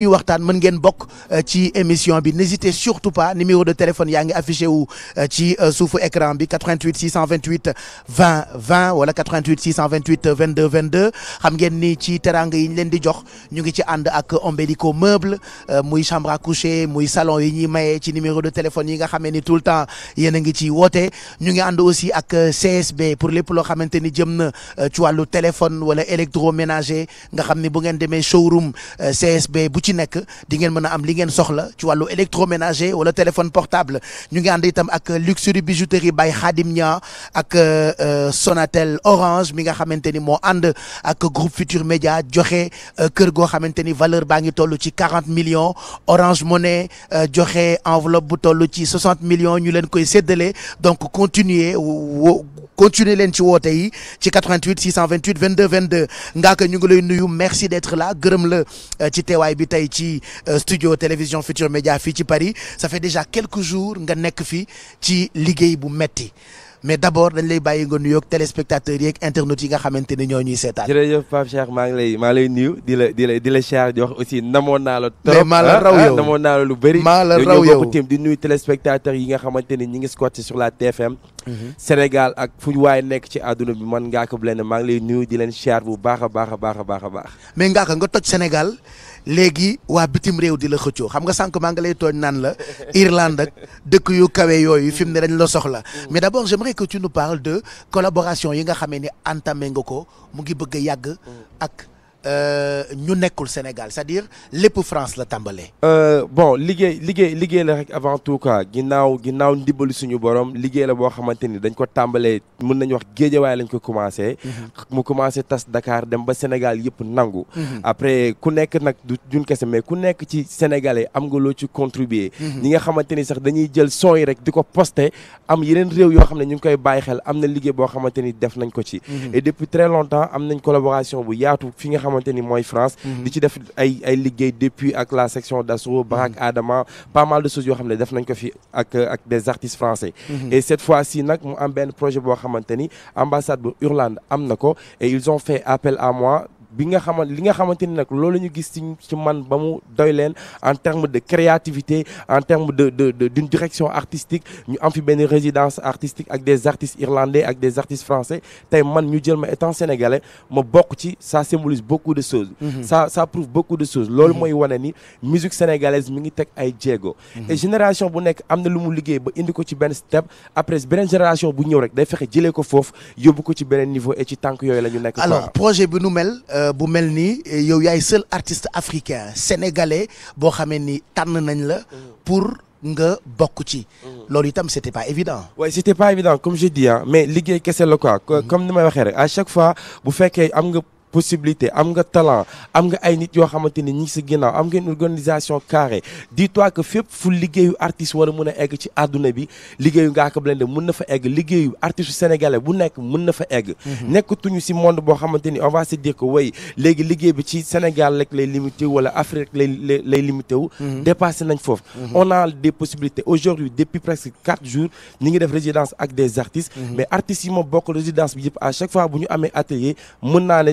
ñuy waxtaan mën ngeen bokk euh, ci émission bi n'hésitez surtout pas numéro de téléphone yaa ngi affiché wu euh, ci euh, suufu écran bi 88 628 20 20 wala 88 628 22 22 xam ngeen ni ci terang yi ñu leen di jox ñu ngi ci ànd ak Ombelico meuble muy chambre à coucher muy salon yi ñuy mayee ci numéro de téléphone yi nga xamee ni tout le temps yéen ngi ci woote ñu ngi ànd aussi ak CSB pour lépp loo xamante ni jëm na ci wàllu téléphone wala électroménager nga xam ni bu ngeen demee showroom CSB bu ci nekk di ngeen mën a am li ngeen soxla ci wàllu électroménager wala téléphone portable ñu ngi ànd itam ak luxury bijouterie bay Khadim Nia ak euh, euh, Sonatel Orange mi nga xamante ni moo ànd ak groupe Futur Média joxe euh, kër goo xamante ni valeur baa ngi toll ci quarante millions Orange Money joxe enveloppe bu toll ci soixante millions ñu leen koy séddale donc continuer wo continuer leen ci woote yi ci 88 628 22 22 ngaa ko ñu ngi lay nuyu merci d'être là gërëm la ci teewaay bi tey tey ci euh, studio télévision Futur Média fii ci Paris ça fait déjà quelque jours nga nekk fi ci liggéey bu metti mais d'abord dañ lay bàyyi nga nuyoog téléspectateurs yeeg internautes yi nga xamante ni ñoo ñuy seetaan. jërëjëf Pape maa ngi lay maa lay nuyu di la di la di la Cheikh di wax aussi namoon naa la. trop maa la ah, raw ah, yow naa la lu bëri. maa la raw yow bokk di yi nga xamante ni ñi ngi squatté sur la TFM. Mhm. Sénégal ak fu waaye nekk ci àdduna bi man Ngaaka Blindé maa ngi lay nuyu di leen Cheikh bu baax a baax a baax a baax a nga toj Sénégal léegi waa bitim réew di la xëccoo xam nga sànq maa ngi lay tooñ naan la Irlande ak dëkk yu kawe yooyu fi mu ne dañ la soxla mm. mais d'abord voudrais que tu nous parles de collaboration yi nga xamee ni entamé nga ko mu ngi bëgg a yàgg mm. ak Euh, ñu nekkul Sénégal c'est-à-dire lépp France la tàmbalee. Euh, bon liggéey liggéey liggéey la rek avant tout quoi ginnaaw ginnaaw ndimbalu suñu borom liggéey la boo xamante ni dañ ko tàmbalee mën nañu wax géejawaay lañ ko commencé. Mhm. mu commencé tas Dakar dem ba Sénégal yëpp nangu. Mhm. après ku nekk nag du jun kese mais ku nekk ci sénégalais am nga loo ci contribuer. Mhm. ñi nga xamante ni sax dañuy jël son yi rek di ko posté am yeneen réew yoo xam ne ñu ngi koy bàyyi xel am na liggéey boo xamante ni def nañ xamante ni mooy France mhm. di ci def ay liggéey depuis ak la section d'assaut mhm. Barak Adama pas mal de choses mhm. ambassade bu Irlande am na ko ils ont fait appel à moi bi nga xama li nga xamante ni nag loolu ñu gis ci man ba mu doy leen en terme de créativité en terme de de d'une direction artistique ñu am fi benn résidence artistique ak des artistes irlandais ak des artistes français tey man ñu jël ma étant sénégalais ma bokk ci sa symbolise beaucoup de choses sa mhm. ça prouve beaucoup de choses loolu mhm. mooy wane ni musique sénégalaise mi ngi teg ay jéego mhm. et génération bu nekk am na lu mu liggéey ba indi ko ci benn step après beneen génération bu ñëw rek day fexe jëlee ko foofu yóbbu ko ci beneen niveau et ci tànk yooyu la ñu nekk alors projet bi nu mel euh, bu mel nii eh, yow yaay seul artiste africain sénégalais boo xamee ni tànn nañ la pour nga bokk ci. loolu itam c'était pas évident. waaye c'était pas évident comme je dis mais liggéey kese la quoi. comme ni may waxee rek à chaque fois bu fekkee am nga. possibilité am nga talent am nga ay nit yoo xamante ni ñi ngi sa ginnaaw am nga une organisation carrée dis-toi que fépp fu liggéeyu artiste war a mën a egg ci àdduna bi liggéeyu Ngaaka Blindé mën na fa egg liggéeyu artiste sénégalais bu nekk mën na fa egg mhm. nekkatuñu si monde boo xamante ni on va se dire que bi ci Sénégal rek lay limité wala Afrique lay lay limité wu mhm. dépassé nañ foofu mhm. a des possibilités aujourd'hui depuis presque quatre jours ñi ngi def résidence ak des artistes mais artistes yi ma bokk résidence yëpp à fois bu ñu amee naa ne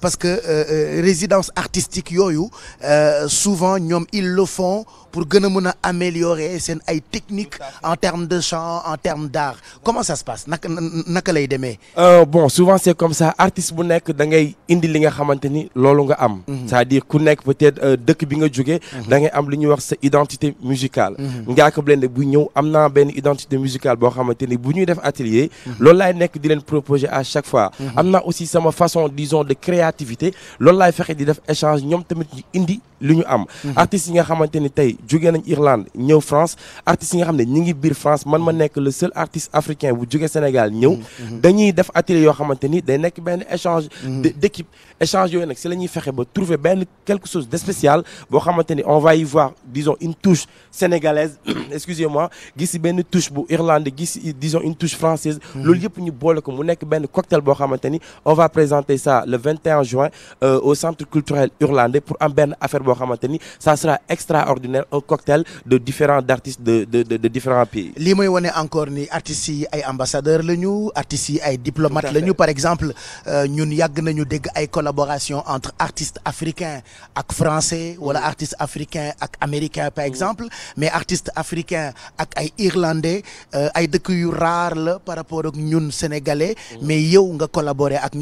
parce que euh, euh, résidence artistique yooyu euh, souvent ñoom il le font pour gën a mën a améliorer seen ay technique en terme de chant en terme d'art comment ça se passe naka naka lay demee euh, bon souvent c'est comme ça artiste bu nekk da ngay indi li nga xamante ni loolu nga am mhm. c'est-à-dire ku nekk peut-être euh, dëkk bi nga jógee mhm. da ngay am lu ñu wax sa identité musicale mhm. Ngaaka Blindé bu ñëw am na benn identité musicale boo xamante ni bu ñuy def atelier loolu laay nekk di leen proposer à chaque fois am naa sama façon disons de créer créativité loolu laay fexe di def échange ñoom tamit ñu indi li ñu am mhm. artistes yi nga xamante ni tey jógee nañ Irlande ñëw France artistes yi nga xam ne ñi ngi biir France man ma nekk le seul artiste africain bu jóge Sénégal ñëw mhm. dañuy def atelier yoo xamante ni day nekk benn échange mhm. d'équipe échange yooyu nag si la ñuy fexe ba trouver benn quelque chose de spécial boo xamante ni on va y voir disons une touche sénégalaise excusez-moi gis si benn touche bu Irlande gis disons une touche française loolu yëpp ñu boole ko mu nekk benn cocktail boo xamante ni on va présenter ça le en juin euh, au centre culturel Hurlandais pour am benn affaire boo xamante ni ça sera extraordinaire un cocktail de différents d'artistes de de de de différents pays. lii mooy wane encore ni artistes yi ay ambassadeurs la ñu artistes yi ay diplomates la ñu par exemple euh, ñun yàgg nañu dégg ay collaboration entre artistes africains ak français wala mm-hmm. artistes africains ak américains par mm-hmm. exemple mais artistes africains ak ay irlandais euh, ay dëkk yu rare la par rapport ak ñun sénégalais mm-hmm. mais yow nga collaborer ak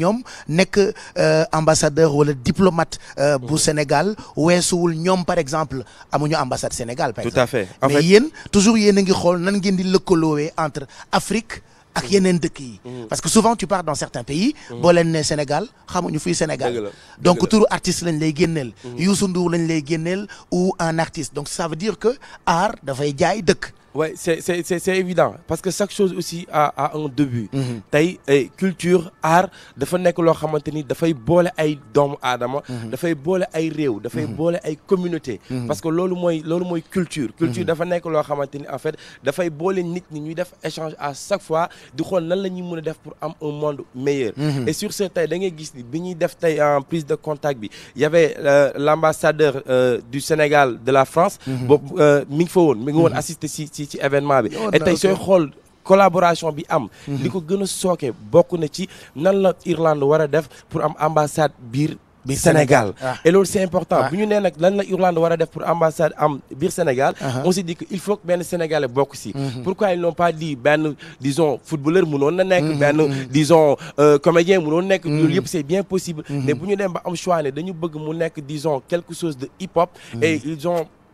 ambassadeur wala diplomate. Euh, bu Sénégal weesuwul ñoom par exemple amuñu ambassade Sénégal. par exemple tout mais yéen toujours yéen a ngi xool nan ngeen di lëkkaloowee entre Afrique. ak mm. yeneen dëkk yi. Mm. parce que souvent tu pars dans certains pays. Mm. boo leen nee Sénégal xamuñu fii Sénégal. donc tour artiste lañ lay génneel. Youssou Ndour lañ lay génneel ou un artiste donc ça veut dire que art dafay jaay dëkk. ouais c'est c'est c'est c'est évident parce que chaque chose aussi a a un début. Mm-hmm. tey eh, culture art dafa nekk loo xamante ni dafay boole ay doomu aadama. Mm-hmm. dafay boole ay réew. dafay mm-hmm. boole ay communauté. parce que loolu mooy loolu mooy culture. culture dafa nekk loo xamante ni en fait dafay boole nit ñi ñuy def échange à chaque fois di xool nan la ñuy mën a def pour am un monde meilleur. et sur ce tey da ngay gis ni bi ñuy def tey en prise de contact bi y avait euh, l'ambassadeur euh, du Sénégal de la France. boobu euh, mi ngi fa mi ngi woon assister si. ci ci bi oh, et tey sooy xool collaboration bi am li mhm. ko gën sooke bokk na ci nan la Irlande war a def pour am ambassade biir biir Sénégal ah. et loolu c'est important ah. bu ñu nee nag lan la Irlande war a def pour ambassade am biir Sénégal uh-huh. on s'est dit que il faut que benn Sénégalais bokk si mhm. pourquoi ils n'ont pas dit benn disons footballeur mënoon na nekk mhm, benn disons euh, comédien mënoon nekk nu yëpp c'est bien possible mais bu ñu dem ba am choix ne dañu bëgg mu nekk disons quelque chose de hip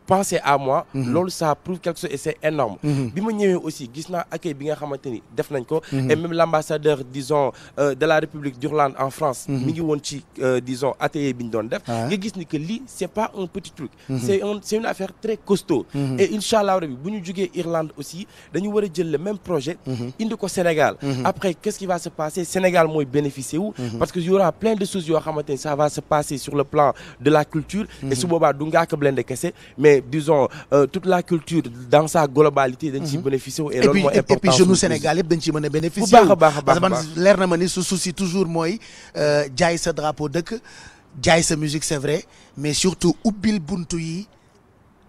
pensé à moi. Mhm. loolu ça prouve quelque chose et c'est énorme. Mhm. bi ma ñëwee aussi gis naa accueil bi nga xamante ni def nañ ko. Mhm. et même l'ambassadeur disons euh, de la République d'Irlande en France. mi ngi woon ci euh, disons bi ñu def. nga gis ni que li c'est pas un petit truc. c'est un c'est une affaire très costaud. et incha allah rabi bu ñu jugee Irlande aussi dañu war a jël le même projet. indi ko Sénégal. après qu'est-ce qui va se passer Sénégal mooy bénéficier wu. parce que y aura plein de choses yoo xamante ni se et disons euh, toute la culture dans sa globalité dañ ciy mhm. bénéficier wu. et loolu moo important et puis jeune Sénégal yëpp a bénéficier baax a baax baax leer na ma ni su souci toujours mooy euh, jaay sa drapeau dëkk jaay sa musique c'est vrai mais surtout ubbil buntu yi.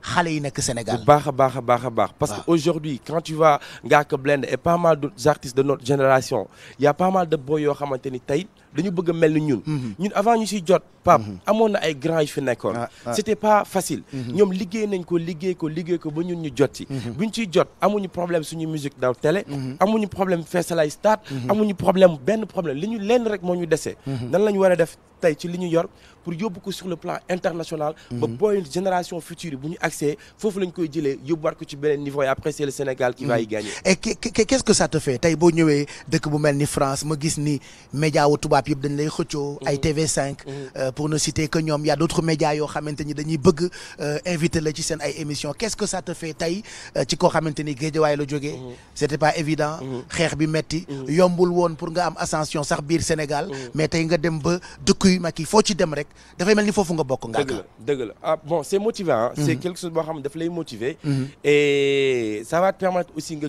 xale yi nekk Sénégal bu baax a baax a baax a baax. parce que aujourd'hui quand tu vas Ngaaka Blindé et pas mal d'autres artistes de notre génération y a pas mal de boy yoo xamante ni tey. dañu bëgg a mel ni ñun. Mhm. ñun avant ñu siy jot. Pape mhm. amoon na ay grands yu fi nekkoon. Ah, ah. c'était pas facile. Mhm. ñoom liggéey nañ ko liggéey ko liggéey ko ba ñun ñu jot ci. ñu ciy jot amuñu problème suñu musique daw télé. amuñu problème feesalay stade. amuñu problème benn problème li ñu lenn rek moo ñu dese. nan la ñu war a def tey ci li ñu yor pour yóbbu ko sur le plan international. ba booy génération future yi bu ñu accès foofu lañ koy jëlee yóbbuwaat ko ci beneen niveau et après c'est le Sénégal qui va y gagner. et qu'est-ce boo ñëwee dëkk bu mel ni France ma gis ni média wu rap yëpp dañ lay xëccoo. Mm-hmm. ay tv mm-hmm. euh, pour ne citer que ñoom y' a d' autres yoo xamante dañuy bëgg euh, invité la ci seen ay émissions qu' ce que ça te fait tey euh, ci koo xamante ni géejawaay la jógee. Mm-hmm. c' était pas évident. xeex bi metti yombul woon pour nga am ascension sax biir Sénégal. mais tey nga dem ba dëkk yu mag yi foo ci dem rek dafay mel ni foofu nga bokk. nga dëgg la dëgg la ah bon c' est motivant. c' xam ne daf lay motiver. et ça va te nga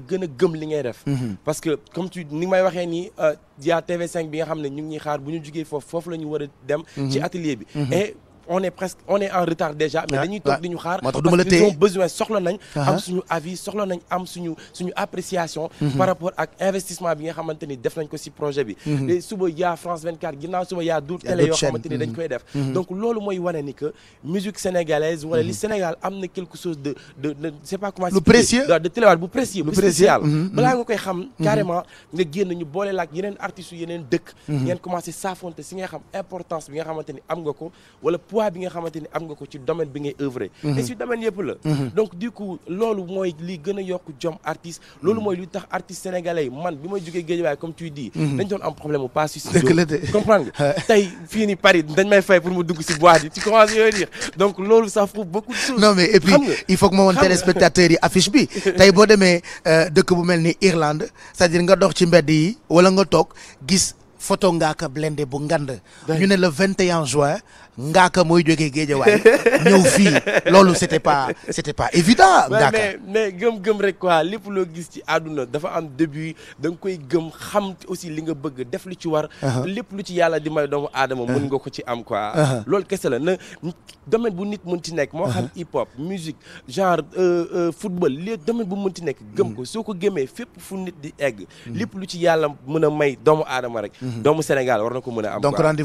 gën a gëm li ngay def. parce que ni may waxee nii. Dia TV5 bi nga xam ne ñu ngi ñuy xaar bu ñu jugee foofu foofu la ñu war a dem. Mhm. ci atelier bi. Mhm. on est presque on est en retard déjà. Ah, toog ah, di ñu xaar. ma la parce qu'ils ont besoin soxla nañ. am ah. suñu avis soxla nañ am suñu appréciation. Mhm. par rapport ak investissement bi nga xamante ni def nañ ko si projet bi. Mhm. te suba yaa France 24 ginnaaw suba yaa mhm. koy def. donc loolu mooy wane ni que musique sénégalaise wala li Sénégal am na quelque chose de de de c'est bu précieux. bu balaa nga koy xam. carrément nga génn ñu boole la ak yeneen artistes yeneen dëkk. ngeen sa saafonte si nga xam importance bi nga xamante ni am nga ko poids bi nga xamante ni am nga ko ci domaine bi ngay œuvrer mhm. et si domaine yëpp la mhm. donc du coup loolu mooy li gën yokk jom artiste loolu mhm. mooy lu tax artiste sénégalais man bi ma jógee Guédiawaye comme tu dis dañ doon am problème bu pas susi comprendre nga tey fii ni Paris dañ may fay pour mu dugg si boîte yi tu commences yooyu donc loolu ça prouve beaucoup de choses non mais et il faut que ma woon téléspectateurs yi affiche bi tey boo demee euh, dëkk bu mel ni Irlande c'est-à-dire ci mbedd yi wala nga toog gis photo Ngaaka Blindé bu ngand ñu ne le ngaaka mooy jógee géejawaay ñëw fii loolu c'était pas c'était pas évident. ngaaka mais mais gëm-gëm rek quoi lépp loo gis ci àdduna dafa am début da koy gëm xam aussi li nga bëgg def lu ci war. Uh-huh. lépp lu ci yàlla di may doomu aadama. mën nga ko ci am quoi. Uh-huh. lool kese la na domaine bu nit mën ci nekk. moo xam uh-huh. hip hop musique genre euh, euh, football li domaine bu mën ci nekk. gëm ko mm. soo ko gëmee fépp fu nit di egg. Mm. lépp lu ci yàlla mën a may doomu aadama rek. Mm-hmm. doomu Sénégal war na ko mën a am. donc rendez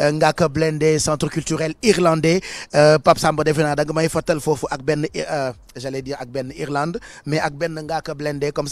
Euh, Ngaaka Blindé centre culturel irlandais euh, Pape Samba defe naa da nga may fàttal foofu ak ben euh, j'allais dire ak benn Irlande mais ak benn Ngaaka Blindé comme